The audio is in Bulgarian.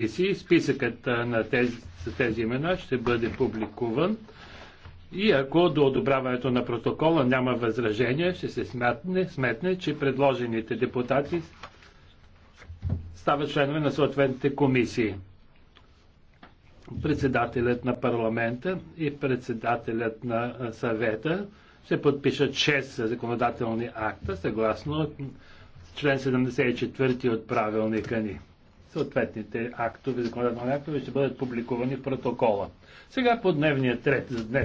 и е, си списъкът на тези, с тези имена ще бъде публикуван и ако до одобряването на протокола няма възражение, ще се сметне, сметне че предложените депутати стават членове на съответните комисии. Председателят на парламента и председателят на съвета ще подпишат 6 законодателни акта, съгласно член 74 от правилника ни съответните актове, законодателни актове ще бъдат публикувани в протокола. Сега по дневния ред за днес.